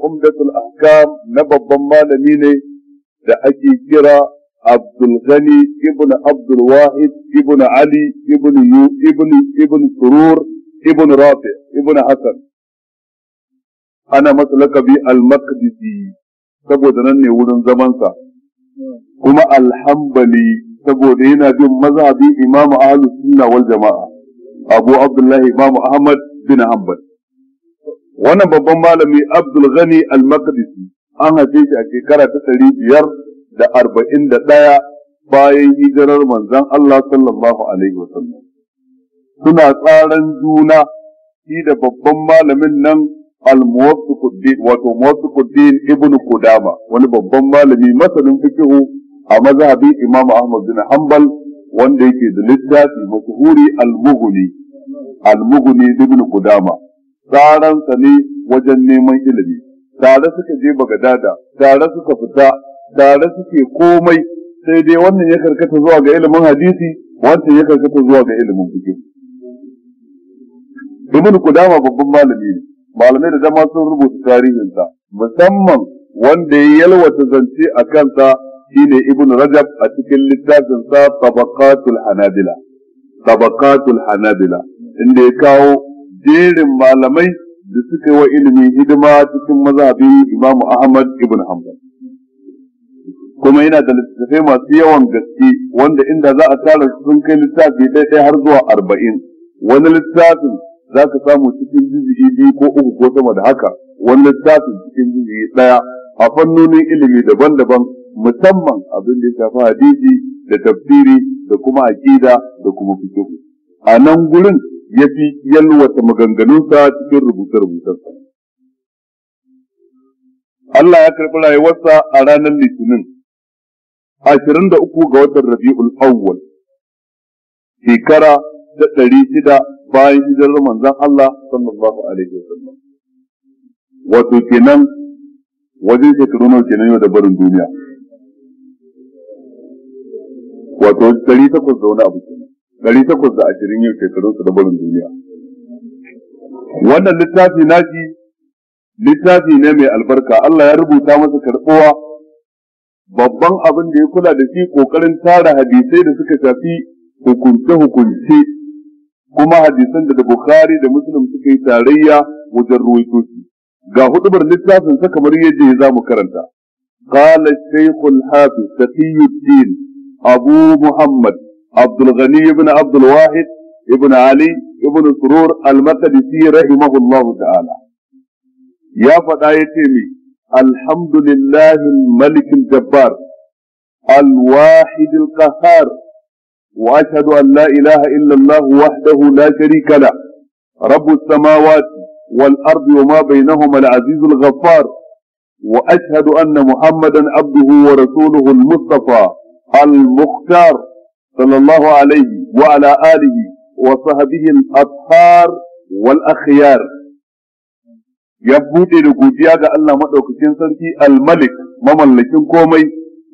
umdatul ahkam na babban malami ne da ake kira Abdul Ghani ibn Abdul Wahid ibn Ali ibn Yu ibn ibn Surur ibn Rafi ibn Hasan ana masa lakabi al-Maqdisi saboda nan ne wurin zamansa kuma al-Hanbali saboda yana bin mazhabi Imam Ahlus Sunna wal Jama'a Abu Abdullahi Imam Ahmad bin Hanbal wannan babban malami Abdul Ghani Al-Maqdisi an haife shi a shekara ta ɗari biyar da arba'in da ɗaya bayan hijirar manzon Allah sallallahu alaihi Sallam. suna tsaran juna shi da babban malamin nan al-muwaffiquddin wato muwaffiquddin ibnu kudama wani babban malami masanin fiqhu a mazhabi imam ahmad bin hanbal wanda yake da littafi mashhuri al-mughni al-mughni ibn kudama tsaransa ne wajen neman ilimi tare suka je bagadada tare suka fita tare suke komai sai dai wannan ya karkata zuwa ga ilimin hadisi wancan ya karkata zuwa ga ilimin fiqh Ibn kudama babban malami ne malamai da dama sun rubuta tarihinsa musamman wanda ya yalwata zance a kansa shine Ibn Rajab a cikin littafinsa Tabaqatul Hanabila Tabaqatul Hanabila inda ya kawo jerin malamai da suka yi wa ilimin hidima cikin mazhabin imamu Ahmad ibn Hanbal kuma yana da littattafai masu yawan gaske wanda inda za a tara sun kai littafi ɗaya ɗaya har zuwa arba'in wani littafin za ka samu cikin jizgi biyu ko uku ko sama da haka wani littafin cikin jizgi ɗaya a fannonin ilimi daban-daban musamman abin da ya shafi hadisi da tafsiri da kuma aƙida da kuma fito. a nan gurin ya fi yalwata maganganunsa cikin rubuce-rubucensa. Allah ya karɓi rayuwarsa a ranar Litinin, ashirin da uku ga watan Rabi'ul Awwal, shekara ta ɗari shida bayan hijirar manzon Allah sallallahu alaihi wasallam. Wato kenan wajen shekaru nawa kenan yau da barin duniya. Wato ɗari takwas da wani abu kenan. ɗari takwas da ashirin yau shekarunsa da barin duniya wannan littafi nashi littafi ne mai albarka Allah ya rubuta masa karɓuwa babban abin da ya kula da shi ƙoƙarin tara hadisai da suka shafi hukunce-hukunce kuma hadisan da Bukhari da Muslim suka yi tarayya wajen ruwaito shi ga hudubar littafin sa kamar yadda za mu karanta قال الشيخ الحافظ تقي الدين أبو عبد الغني بن عبد الواحد ابن علي ابن سرور المقدسي رحمه الله تعالى يا فتايتي الحمد لله الملك الجبار الواحد القهار واشهد ان لا اله الا الله وحده لا شريك له رب السماوات والارض وما بينهما العزيز الغفار واشهد ان محمدا عبده ورسوله المصطفى المختار صلى الله عليه وعلى آله وصحبه الأطهار والأخيار ya buɗe da godiya ga Allah maɗaukakin sarki al-malik mamallakin komai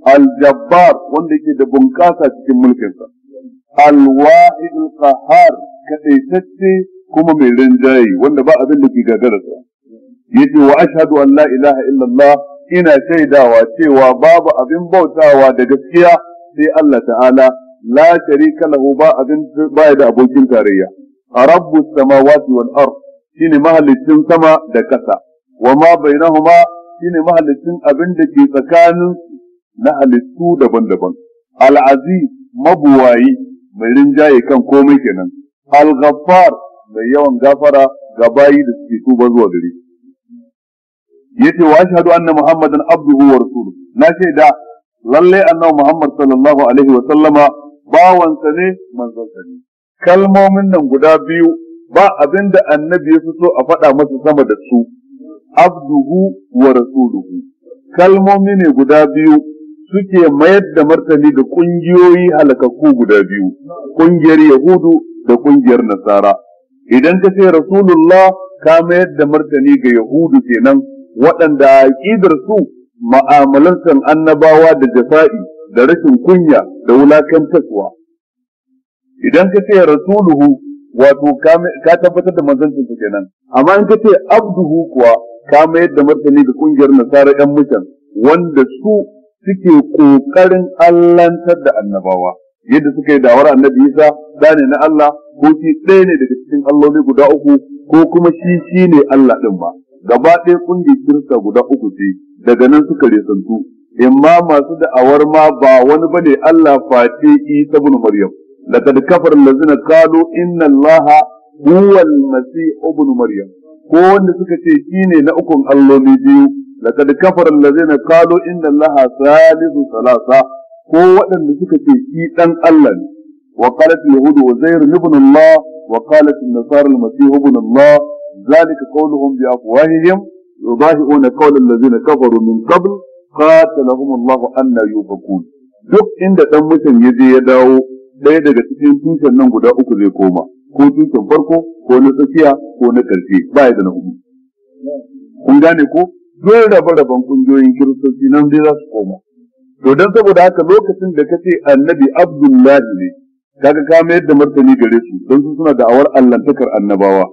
al-jabbar wanda yake da bunƙasa cikin mulkinsa al-wahid al-qahar kadaitacce kuma mai rinjaye wanda ba abin da ke gagararsa yace wa ashhadu an la ilaha illallah ina shaidawa cewa babu abin bautawa da gaskiya sai Allah ta'ala la sharika lahu ba abin da abokin tarayya rabbus samawati wal ard shine mahaliccin sama da ƙasa, wa ma bainahuma shine mahallicin abin da ke tsakanin na halittu daban-daban al-aziz mabuwayi mai rinjaye kan komai kenan al mai yawan gafara ga bayi da suke tuba zuwa gare yace wa ashhadu anna muhammadan abduhu wa rasuluhu na lallai lalle annabi muhammad sallallahu alaihi wa sallama bawansa ne manzansa ne kalmomin nan guda biyu ba abin da annabi ya so a faɗa masa sama da su abduhu wa rasuluhu kalmomi ne guda biyu suke mayar da martani da ƙungiyoyi halakakku guda biyu ƙungiyar yahudu da ƙungiyar nasara idan ka ce rasulullah ka mayar da martani ga yahudu kenan waɗanda a aƙidar su ma'amalansan annabawa da jafa'i da rashin kunya da wulakantarwa idan ka ce rasuluhu wato ka tabbatar da manzancin sa kenan amma in ka ce abduhu kuwa ka mayar da martani da kungiyar nasara yan mutan wanda su suke kokarin allantar da annabawa yadda suka yi dawar annabi isa da ne na Allah ko shi ɗaya ne daga cikin alloli guda uku ko kuma shi shi ne Allah ɗin ba gaba ɗaya kungiyar sa guda uku ce daga nan suka resantu imma masu da'awar ma ba wani bane Allah face Isa ibn Maryam laqad kafara allazina qalu inna Allaha huwa al-masih ibn Maryam ko wanda suka ce shine na ukun alloli biyu laqad kafara allazina qalu inna Allaha salisu salasa ko waɗanda suka ce shi dan Allah ne wa qalat al-yahud uzair ibn Allah wa qalat an-nasara al-masih ibn Allah ذلك قولهم بأفواههم يضاهئون قول الذين كفروا من قبل qatalahum Allah anna yufakun duk inda dan mutum ya je ya dawo ɗaya daga cikin tushen nan guda uku zai koma ko tushen farko ko na tsakiya ko na ƙarshe ba ya da na hudu kun gane ko dole rabe-raben kungiyoyin kiristoci nan dai za su koma to dan saboda haka lokacin da kace annabi abdullahi ne kaga ka mayar da martani gare su don su suna da'awar allantakar annabawa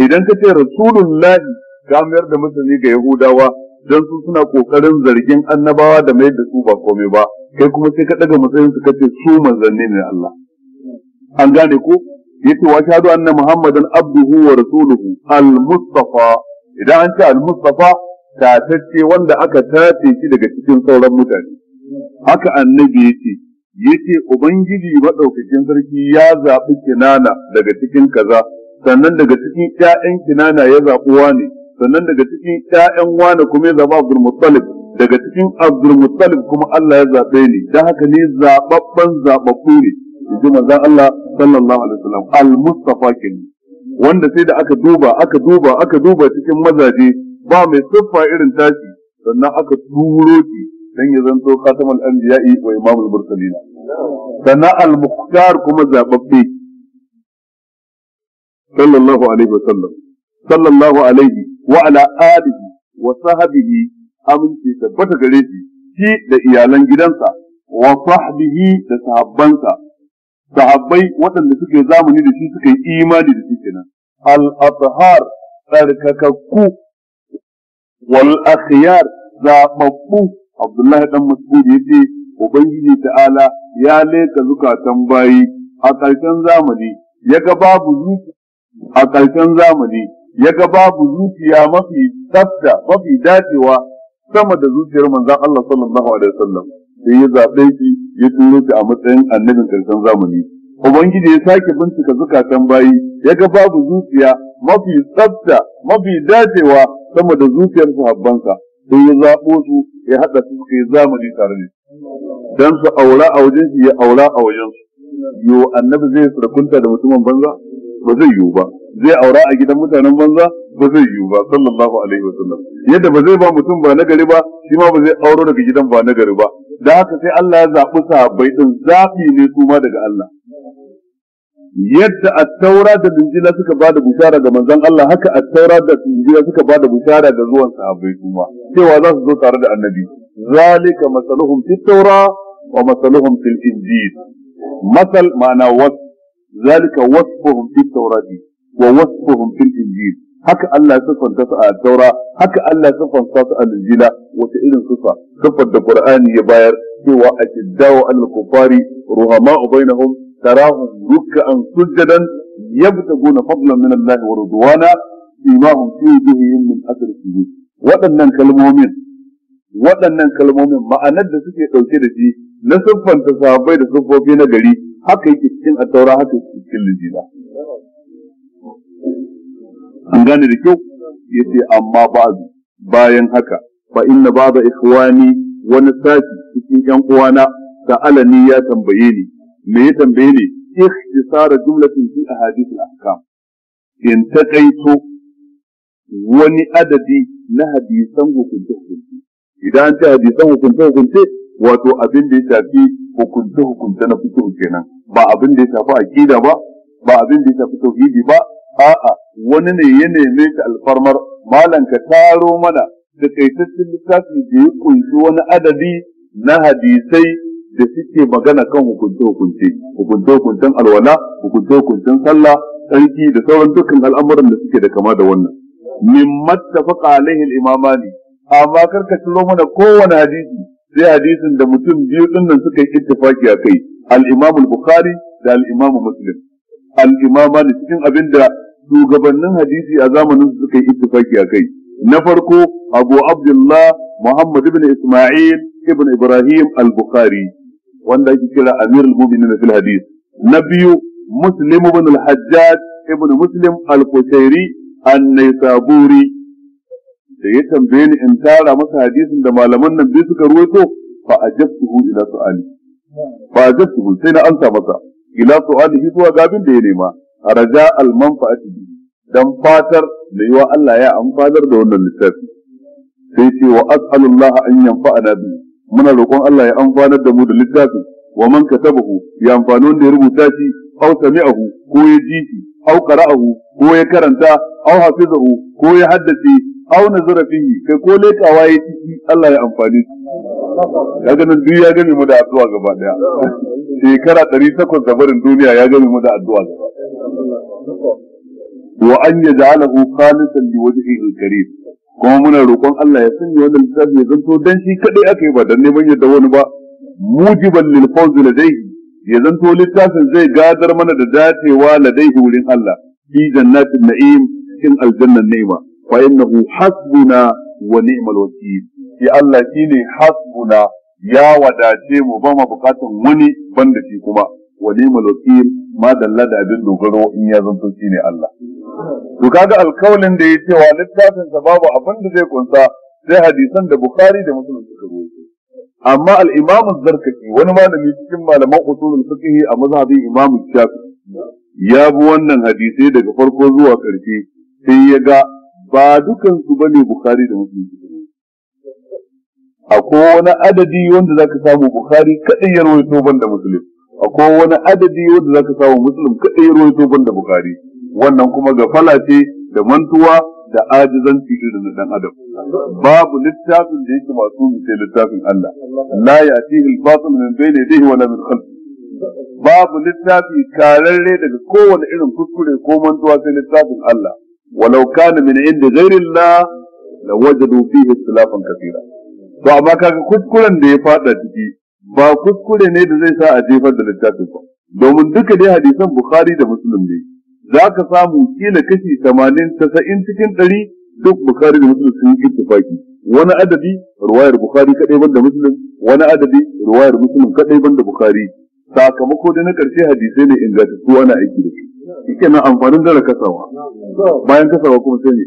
idan kace rasulullahi ka mayar da martani ga yahudawa dan su suna kokarin zargin annabawa da mai da su ba komai ba kai kuma sai ka daga matsayin su kace su manzanni ne Allah an gane ko yace wa shahadu anna muhammadan abduhu wa rasuluhu al-mustafa idan an ce al-mustafa tatacce wanda aka tace shi daga cikin sauran mutane haka annabi yace yace ubangiji madaukakin sarki ya zabi kinana daga cikin kaza sannan daga cikin 'ya'yan kinana ya zabi ne. sannan daga cikin ƴaƴan wani kuma ya zaba Abdul Muttalib daga cikin Abdul Muttalib kuma Allah ya zabe ni dan haka ni zababban zababbu ne yanzu manzon Allah sallallahu alaihi wasallam al mustafa kin wanda sai da aka duba aka duba aka duba cikin mazaje ba mai siffa irin tashi sannan aka turo shi dan ya zanto khatamul anbiya'i wa imamul mursalin sannan al mukhtar kuma zababbe sallallahu alaihi wasallam sallallahu alaihi wa ala alihi wa sahbihi aminci tabbata gare shi shi da iyalan gidansa wa sahbihi da sahabbansa sahabbai waɗanda suke zamani da shi suka yi imani da shi kenan al athhar tsarkakakku wal akhyar zababbu abdullahi dan mas'ud yace ubangiji ta'ala ya leka zukatan bayi a ƙarshen zamani ya ga babu a ƙarshen zamani ya ga babu zuciya mafi tsafta mafi dacewa sama da zuciyar manzon Allah sallallahu alaihi wasallam sai ya zabe shi ya turo shi a matsayin annabin karshen zamani ubangiji ya sake bincika zukatan bayi ya ga babu zuciya mafi tsafta mafi dacewa sama da zuciyar sahabbansa sai ya zabo su ya haɗa su kai zamani tare da dan su aura a wajen shi ya aura a wajen su yo annabi zai surkunta da mutumin banza ba zai yiwu ba zai aura a gidan mutanen banza ba zai yiwu ba sallallahu alaihi wasallam yadda ba zai ba mutum ba nagari ba shi ma ba zai auro daga gidan ba nagari ba da haka sai Allah ya zaɓi sahabbai din zafi ne kuma daga Allah yadda at-taura da injila suka bada bishara ga manzon Allah haka at-taura da injila suka bada bishara ga zuwan sahabbai kuma cewa za su zo tare da annabi zalika masaluhum fit-taura wa masaluhum fil injil masal ma'ana wasu zalika wasfuhum fit tawrati wa wasfuhum fil injil haka Allah ya siffanta su a taura haka Allah ya siffanta su a injila wata irin sifa siffar da qur'ani ya bayar cewa ashiddaw al kufari ruhama'u bainahum tarahum ruk'an sujadan yabtaguna fadlan min Allah wa ridwana imahum fi wujuhihim min athar sujud waɗannan kalmomin waɗannan kalmomin ma'anar da suke ɗauke da shi na siffanta da siffofi na gari haka yake cikin attaura haka yake cikin lijila an gane da kyau yace amma ba'du bayan haka fa inna ba'da ikhwani wani sati cikin yan uwana da alani ya tambaye ni me ya tambaye ni ikhtisara jumlatin fi ahadith al-ahkam in takaito wani adadi na hadisan hukunce hukunce idan ta hadisan hukunce hukunce wato abin da ya shafi hukunce hukunce na fito kenan ba abin da ya shafi aqida ba ba abin da ya shafi tauhidi ba a'a wani ne ya neme ka alfarmar malam ka taro mana da kaitaccen littafi da ya kunshi wani adadi na hadisai da suke magana kan hukunce hukunce hukunce hukuncen alwala hukunce hukuncen sallah tsarki da sauran dukkan al'amuran da suke da kama da wannan min mattafaqa alaihi al-imamani amma karka ciro mana kowane hadisi sai hadisin da mutum biyu din nan suka yi ittifaki a kai al-Imam al-Bukhari da al-Imam Muslim al ne cikin abin da shugabannin hadisi a zamanin su suka yi ittifaki a kai na farko Abu Abdullah Muhammad ibn Isma'il ibn Ibrahim al-Bukhari wanda ake kira Amir al-Mu'minin fil hadis na biyu Muslim ibn al-Hajjaj ibn Muslim al-Qushairi an-Naisaburi da ya tambaye ni in tara masa hadisin da malaman nan biyu suka ruwaito fa ajabtuhu ila su'ali fa ajabtuhu sai na amsa masa ila su'alihi zuwa gabin da ya nema raja al manfa'ati dan fatar da yiwa Allah ya amfanar da wannan littafi sai ce wa as'alullah an yanfa'ana bi muna roƙon Allah ya amfanar da mu da littafin wa man katabahu ya amfani wanda ya rubuta shi aw sami'ahu ko ya ji shi aw qara'ahu ko ya karanta aw hafizahu ko ya haddace auna zarafi kai ko lekawa ya ciki Allah ya amfani su. ya ganin duk ya gani mu da addu'a gaba daya shekara ɗari takwas da barin duniya ya gani mu da addu'a gaba wa an yaj'alahu khalisan liwajhihi al-karim kuma muna roƙon Allah ya sanya wannan littafi ya zanto dan shi kadai aka yi ba dan neman yadda wani ba mujiban lil fawzi ladayhi ya zanto littafin zai gadar mana da dacewa ladayhi wurin Allah fi jannatin na'im cikin aljannan ni'ima fa innahu hasbuna wa ni'mal wakeel ya Allah shine hasbuna ya wadace mu ba mu bukatun wani banda shi kuma wa ni'mal wakeel ma dalla da abin dogaro in ya zanto shine Allah to kaga alkawalin da ya cewa littafin sa babu abin da zai kunsa sai hadisan da Bukhari da Muslim suka rawaito amma al-Imam az wani malami cikin malaman usulul fiqh a mazhabin Imam Shafi. ya bi wannan hadisai daga farko zuwa ƙarshe sai ya ga ba dukan su bane bukhari da muslim akwai wani adadi wanda zaka samu bukhari kadai ya rawaito banda muslim akwai wani adadi wanda zaka samu muslim kadai ya rawaito banda bukhari wannan kuma gafala ce da mantuwa da ajizanci irin na dan adam babu littafin da yake masu sai littafin Allah la ya'tihi al-batil min bayni yadihi wa la min khalfihi babu littafi kararre daga kowane irin kuskure ko mantuwa sai littafin Allah walau kana min inda ghairillah la wajadu fihi ikhtilafan kathira to amma kaga kuskuren da ya fada ciki ba kuskure ne da zai sa a jefar da littafin ba domin duka dai hadisan bukhari da muslim ne za ka samu kila kashi 80 90 cikin 100 duk bukhari da muslim sun yi ittifaki wani adadi ruwayar bukhari kadai banda muslim wani adadi ruwayar muslim kadai banda bukhari sakamako da na karshe hadisai ne ingantattu ana aiki da su shi na amfanin dare kasawa bayan kasawa kuma sai ne